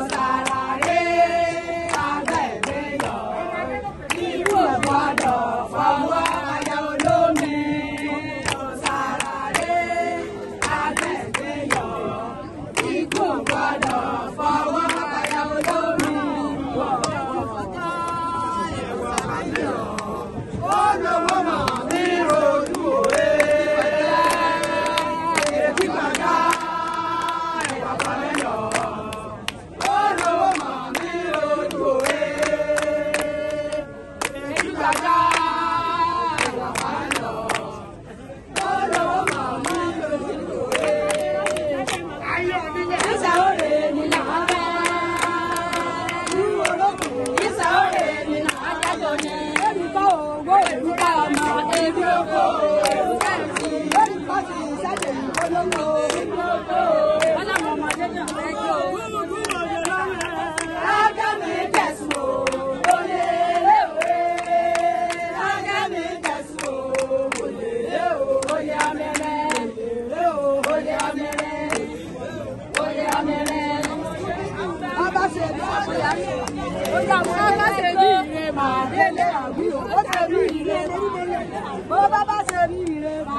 Rosa. ṣe bí wọ́n